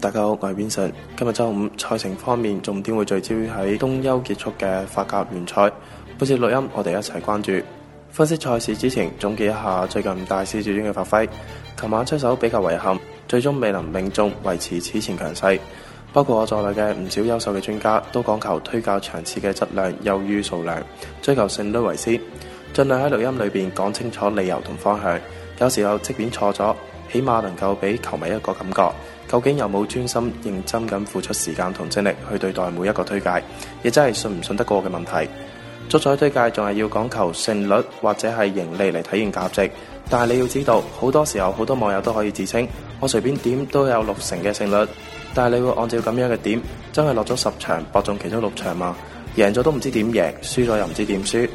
大家好，我係 Vincent 今日周五，賽程方面重點會聚焦喺冬休結束嘅法甲聯賽。本次錄音，我哋一齊關注分析賽事之前，總結一下最近大師主隊嘅發揮。琴晚出手比較遺憾，最終未能命中，維持此前強勢。包括我在內嘅唔少優秀嘅專家，都講求推介場次嘅質量優於數量，追求勝率為先，盡量喺錄音裏邊講清楚理由同方向。有時候，即便錯咗，起碼能夠俾球迷一個感覺，究竟有冇專心認真咁付出時間同精力去對待每一個推介，亦真係信唔信得過嘅問題。足彩推介仲係要講求勝率或者係盈利嚟體現價值，但係你要知道，好多時候好多網友都可以自稱，我隨便點都有六成嘅勝率，但係你會按照咁樣嘅點，真係落咗十場博中其中六場嘛？贏咗都唔知點贏，輸咗又唔知點輸。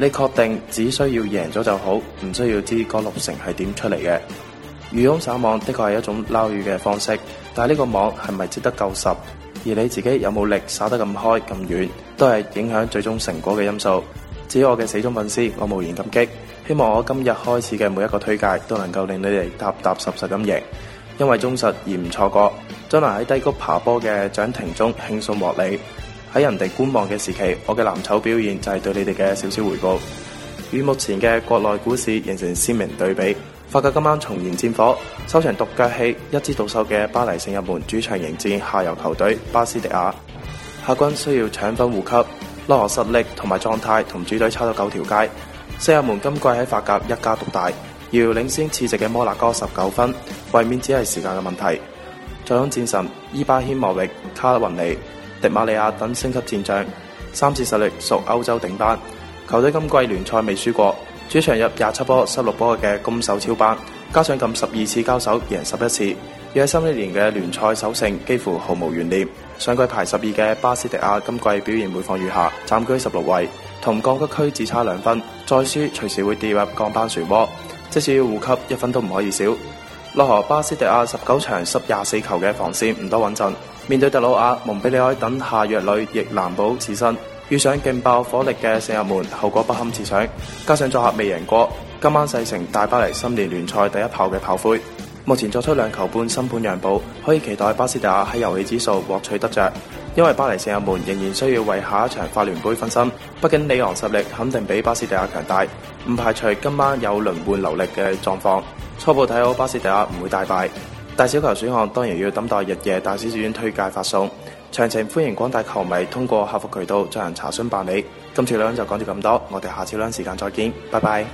你確定只需要贏咗就好，唔需要知嗰六成係點出嚟嘅？魚翁撒網的確係一種撈魚嘅方式，但係呢個網係咪值得夠實？而你自己有冇力耍得咁開咁遠，都係影響最終成果嘅因素。至於我嘅死忠粉絲，我無言感激。希望我今日開始嘅每一個推介，都能夠令你哋踏踏實實咁贏，因為忠實而唔錯過，將來喺低谷爬坡嘅漲停中輕鬆獲利。喺人哋觀望嘅時期，我嘅藍籌表現就係對你哋嘅少少回報。與目前嘅國內股市形成鮮明對比。法甲今晚重燃戰火，收場獨腳戲一枝獨秀嘅巴黎聖日門主場迎戰下游球隊巴斯迪亞。客軍需要搶分護級，落後實力同埋狀態同主隊差咗九條街。聖日門今季喺法甲一家獨大，遙遙領先次席嘅摩納哥十九分，衛冕只係時間嘅問題。再有戰神伊巴謙莫域、卡拉雲尼、迪馬利亞等升級戰將，三次實力屬歐洲頂班，球隊今季聯賽未輸過，主場入廿七波失十六波嘅攻守超班，加上近十二次交手贏十一次，亦係新一年嘅聯賽首勝，幾乎毫無懸念。上季排十二嘅巴斯迪亞今季表現每況愈下，暫居十六位，同降級區只差兩分，再輸隨時會跌入降班漩渦，即使要護級，一分都唔可以少。奈何巴斯迪亞十九場失廿四球嘅防線唔多穩陣。面對特魯瓦、蒙彼利埃等下弱旅，亦難保自身。遇上勁爆火力嘅射友們，後果不堪設想。加上作客未贏過，今晚勢成大巴黎新年聯賽第一炮嘅炮灰。目前作出兩球半新盤讓步，可以期待巴斯蒂亞喺遊戲指數獲取得着。因為巴黎射友們仍然需要為下一場法聯盃分心，畢竟里昂實力肯定比巴斯蒂亞強大，唔排除今晚有輪換留力嘅狀況。初步睇好巴斯蒂亞唔會大敗。大小球選項當然要等待日夜大小選推介發送，詳情歡迎廣大球迷通過客服渠道進行查詢辦理。今次兩就講住咁多，我哋下次兩時間再見，拜拜。